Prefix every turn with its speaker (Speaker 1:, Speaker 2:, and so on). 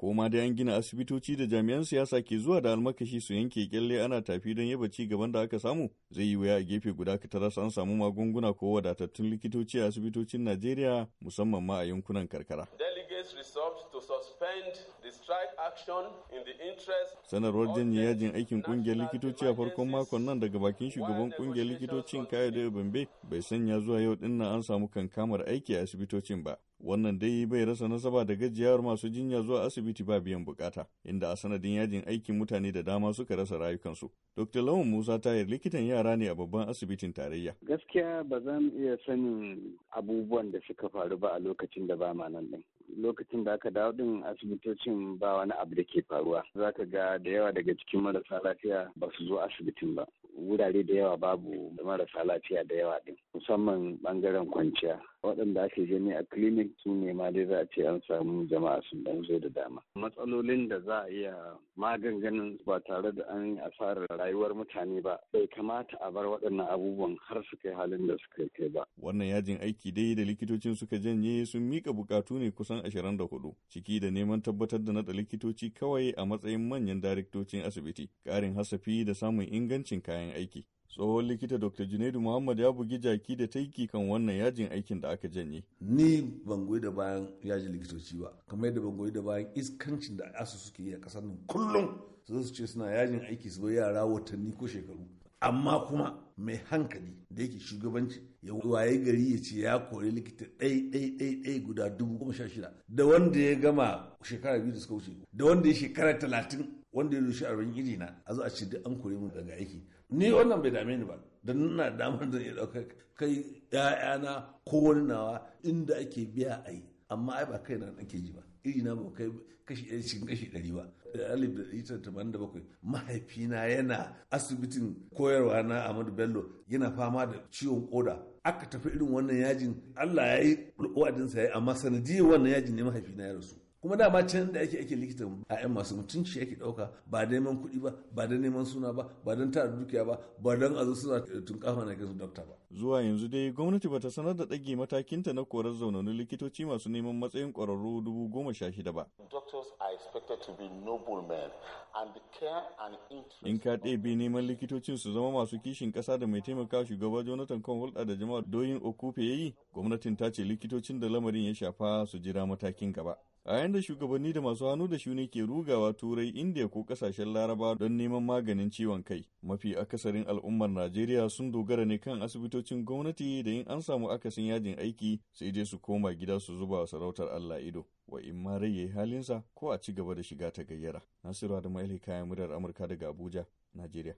Speaker 1: ko ma da an gina asibitoci da jami'an siyasa ke zuwa da almakashi su yanke kyalle ana tafi don yaba ci gaban da aka samu zai yi wuya a gefe guda ka tarasa an samu magunguna ko wadatattun likitoci a asibitocin najeriya musamman ma a yankunan karkara.
Speaker 2: is resolved to suspend the strike action in the interest Sanarwar janye
Speaker 1: yajin aikin kungiyar likitoci a farkon makon nan daga bakin shugaban kungiyar likitocin Kayode Bambe bai sanya zuwa yau din nan an samu kankamar aiki a asibitocin ba. Wannan dai bai rasa nasaba da gajiyawar masu jinya zuwa asibiti ba biyan bukata, inda a sanadin yajin aikin mutane da dama suka rasa rayukansu. Dr. Lawan Musa Tayar likitan yara ne a babban asibitin tarayya.
Speaker 3: Gaskiya ba za mu iya sanin abubuwan da suka faru ba a lokacin da ba ma nan ɗin. lokacin da aka dawo din asibitocin ba wani abu da ke faruwa. Za ka ga da yawa daga cikin marasa lafiya ba su zo asibitin ba. wurare da yawa babu marasa lafiya da yawa ɗin. musamman bangaren kwanciya waɗanda ake gani a clinic su ne ma dai za a ce an samu jama'a sun dan zo da dama matsalolin da za a iya maganganin ba tare da an asarar rayuwar mutane ba bai kamata a bar waɗannan abubuwan har su kai halin da suka kai ba
Speaker 1: wannan yajin aiki dai da likitocin suka janye sun mika bukatu ne kusan ashirin da hudu. ciki da neman tabbatar da nada likitoci kawai a matsayin manyan daraktocin asibiti ƙarin hasafi da samun ingancin kayan yajin aiki. Tsohon likita Dr. Junaidu Muhammad ya bugi jaki da taiki kan wannan yajin aikin da aka janye. Ni ban goyi da bayan yajin likitoci ba, kamar yadda ban goyi da bayan iskancin
Speaker 2: da asu suke yi a kasar nan kullum su su ce suna yajin aiki su yara watanni ko shekaru. Amma kuma mai hankali da yake shugabanci ya waye gari ya ce ya kori likita ɗai ɗai ɗai ɗai guda dubu goma sha shida da wanda ya gama shekara biyu da suka wuce da wanda ya shekara talatin wanda ya rushe arba'in iri na a zo a ce duk an kore mu daga aiki ni wannan bai dame ni ba da nuna damar da ya ɗauka kai ‘ya'yana ko wani nawa inda ake biya a yi amma ai ba kai na ake ji ba iri na ba kai kashi ɗaya cikin kashi ɗari ba Da alif da ɗari tamanin da bakwai mahaifina yana asibitin koyarwa na Ahmadu Bello yana fama da ciwon koda aka tafi irin wannan yajin Allah ya yi wa'adinsa ya yi amma sanadiyar wannan yajin ne mahaifina ya rasu kuma dama can da ake ake likita a yan masu mutunci ake dauka ba da neman kuɗi ba ba da neman suna ba ba don tara dukiya
Speaker 1: ba ba don a zo suna tunkafa na su dokta ba zuwa yanzu dai gwamnati bata sanar da ɗage matakinta na korar zaunanin likitoci masu neman matsayin kwararru dubu goma sha shida ba in ka ɗebe neman likitocin su zama masu kishin ƙasa da mai taimaka shugaba jonathan kan hulɗa da jama'a doyin okupe ya yi gwamnatin ta ce likitocin da lamarin ya shafa su jira matakin gaba a yayin da shugabanni da masu hannu da shuni ke rugawa turai indiya ko kasashen laraba don neman maganin ciwon kai mafi akasarin al'ummar najeriya sun dogara ne kan asibitocin gwamnati da in an samu akasin yajin aiki sai dai su koma gida su zuba wa sarautar allah ido wa in ma rai yayi halinsa ko a ci gaba da shiga ta gayyara nasiru adamu kayan murar amurka daga abuja najeriya